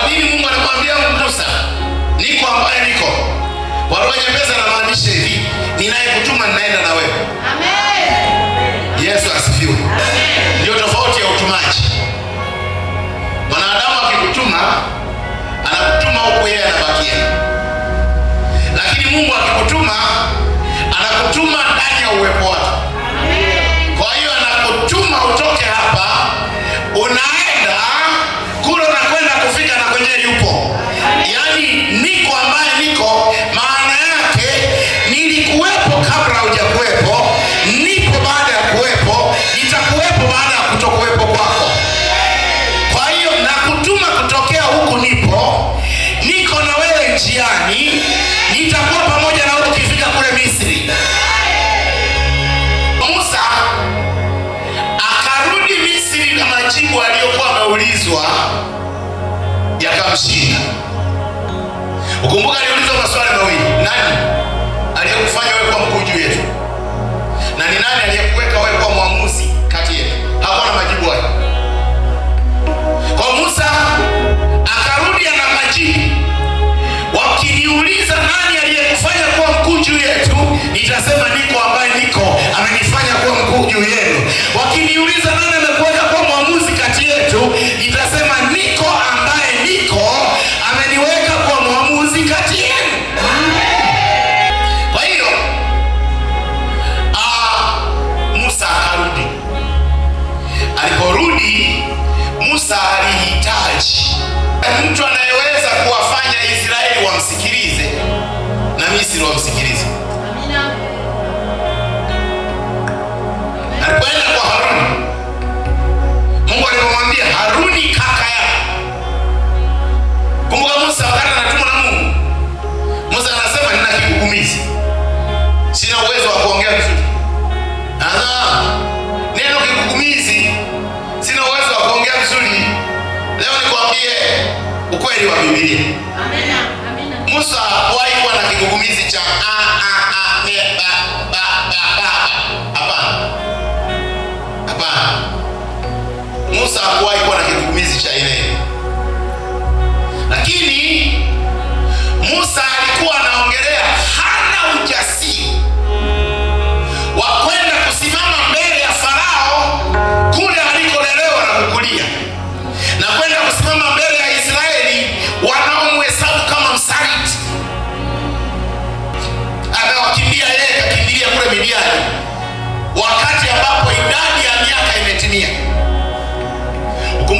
Kwa nini Mungu anamwambia Musa, niko ambaye eh, niko? Kwa lugha nyepesi anamaanisha hivi, ninayekutuma ninaenda na wewe. Amen. Yesu asifiwe. Amen. Ndio tofauti ya utumaji. Mwanadamu akikutuma anakutuma huko yeye anabakia. Lakini Mungu akikutuma anakutuma ndani ya uwepo aliyoulizwa yakamshinda. Ukumbuka aliulizwa maswali mawili, nani aliyekufanya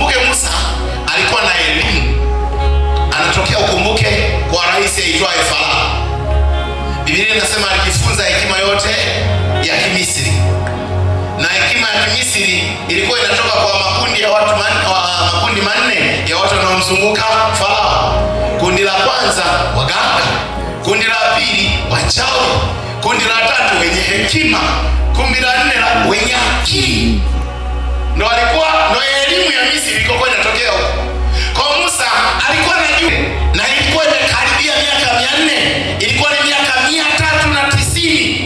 ukumbuke Musa alikuwa na elimu, anatokea ukumbuke kwa rais aitwaye Farao. Biblia inasema alijifunza hekima yote ya Kimisri, na hekima ya Kimisri ilikuwa inatoka kwa makundi ya watu man, wa makundi manne ya watu wanaomzunguka Farao. Kundi la kwanza waganga, kundi la pili wachawi, kundi la tatu wenye hekima, kundi la nne wenye akili ndo alikuwa ndo elimu ya Misri ilikokuwa inatokea huko. Kwa Musa alikuwa na juu na ilikuwa imekaribia miaka 400, ilikuwa ni miaka 390.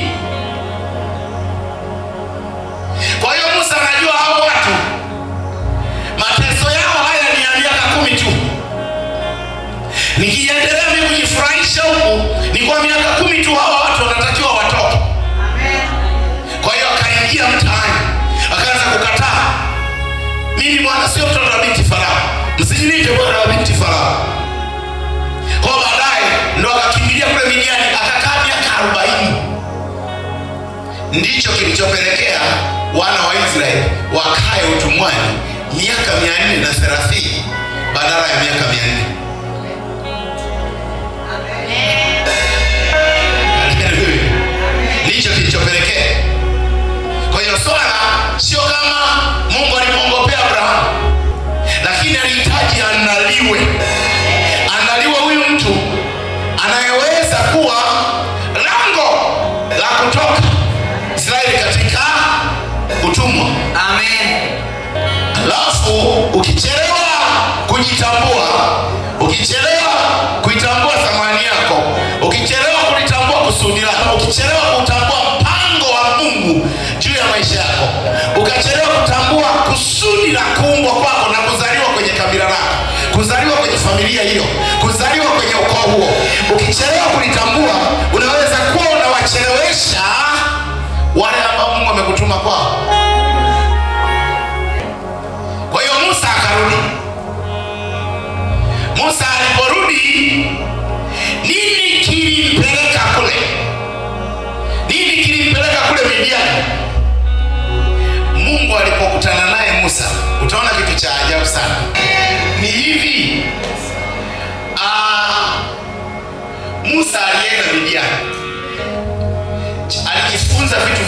Kwa hiyo Musa anajua hao watu mateso yao haya ni ya miaka kumi tu, nikiendelea mimi kujifurahisha huku ni kwa miaka kumi tu hao Mimi bwana sio mtoto wa binti Farao, msijilinde bwana wa binti Farao. Kwa baadaye ndo akakimbilia kule midiani akakaa miaka arobaini. Ndicho kilichopelekea wana wa Israeli wakae utumwani miaka mia nne na thelathini badala ya miaka mia nne. aliwe, andaliwe huyu mtu anayeweza kuwa lango la kutoka Israeli katika utumwa. Amen. Alafu ukichelewa kujitambua, ukichelewa kuitambua thamani yako, ukichelewa kulitambua kusudi lako, ukichelewa kutambua mpango wa Mungu juu ya maisha yako, ukachelewa kutambua kusudi la kuumbwa kwa familia hiyo, kuzaliwa kwenye ukoo huo. Ukichelewa kulitambua, unaweza kuwa unawachelewesha wale ambao Mungu amekutuma kwao.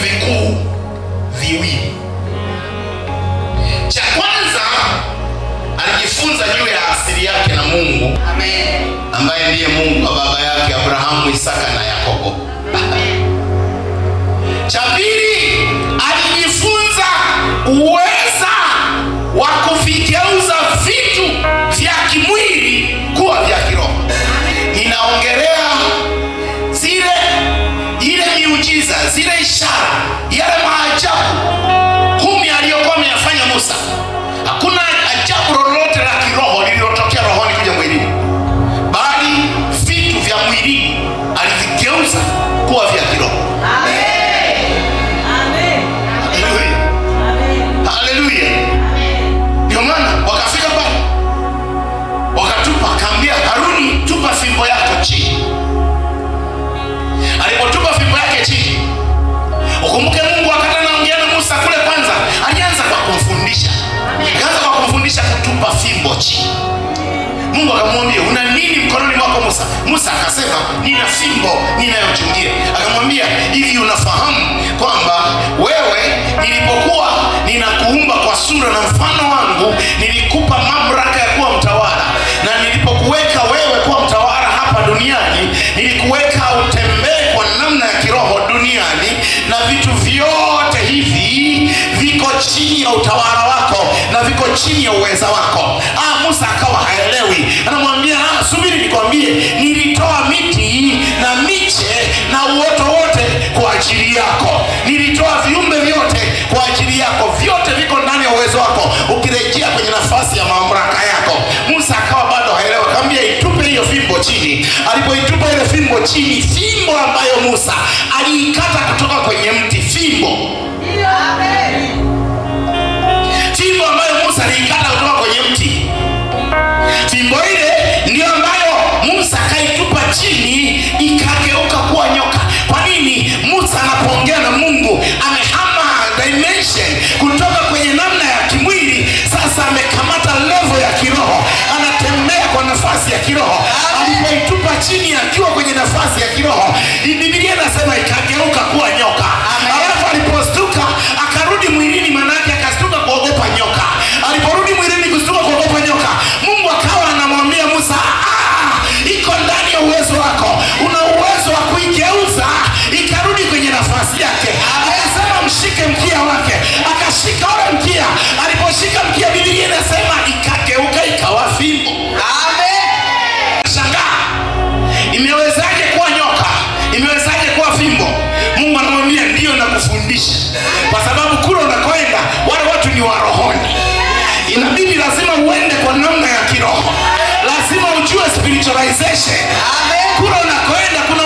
vikuu viwili. Cha kwanza alijifunza juu ya asili yake na Mungu, ambaye ndiye Mungu wa baba yake akamwambia una nini mkononi mwako Musa? Musa akasema nina fimbo ninayochungia. Akamwambia hivi, unafahamu kwamba wewe nilipokuwa ninakuumba kwa sura na mfano wangu nilikupa mamlaka ya kuwa mtawala, na nilipokuweka wewe kuwa mtawala hapa duniani nilikuweka utembee kwa namna ya kiroho duniani, na vitu vyote hivi viko chini ya utawala wako na viko chini ya uweza wako. Ah, Musa akawa haelewi chini fimbo ambayo Musa aliikata kutoka lazima uende kwa namna ya kiroho, lazima ujue spiritualization. Kuna unakoenda kuna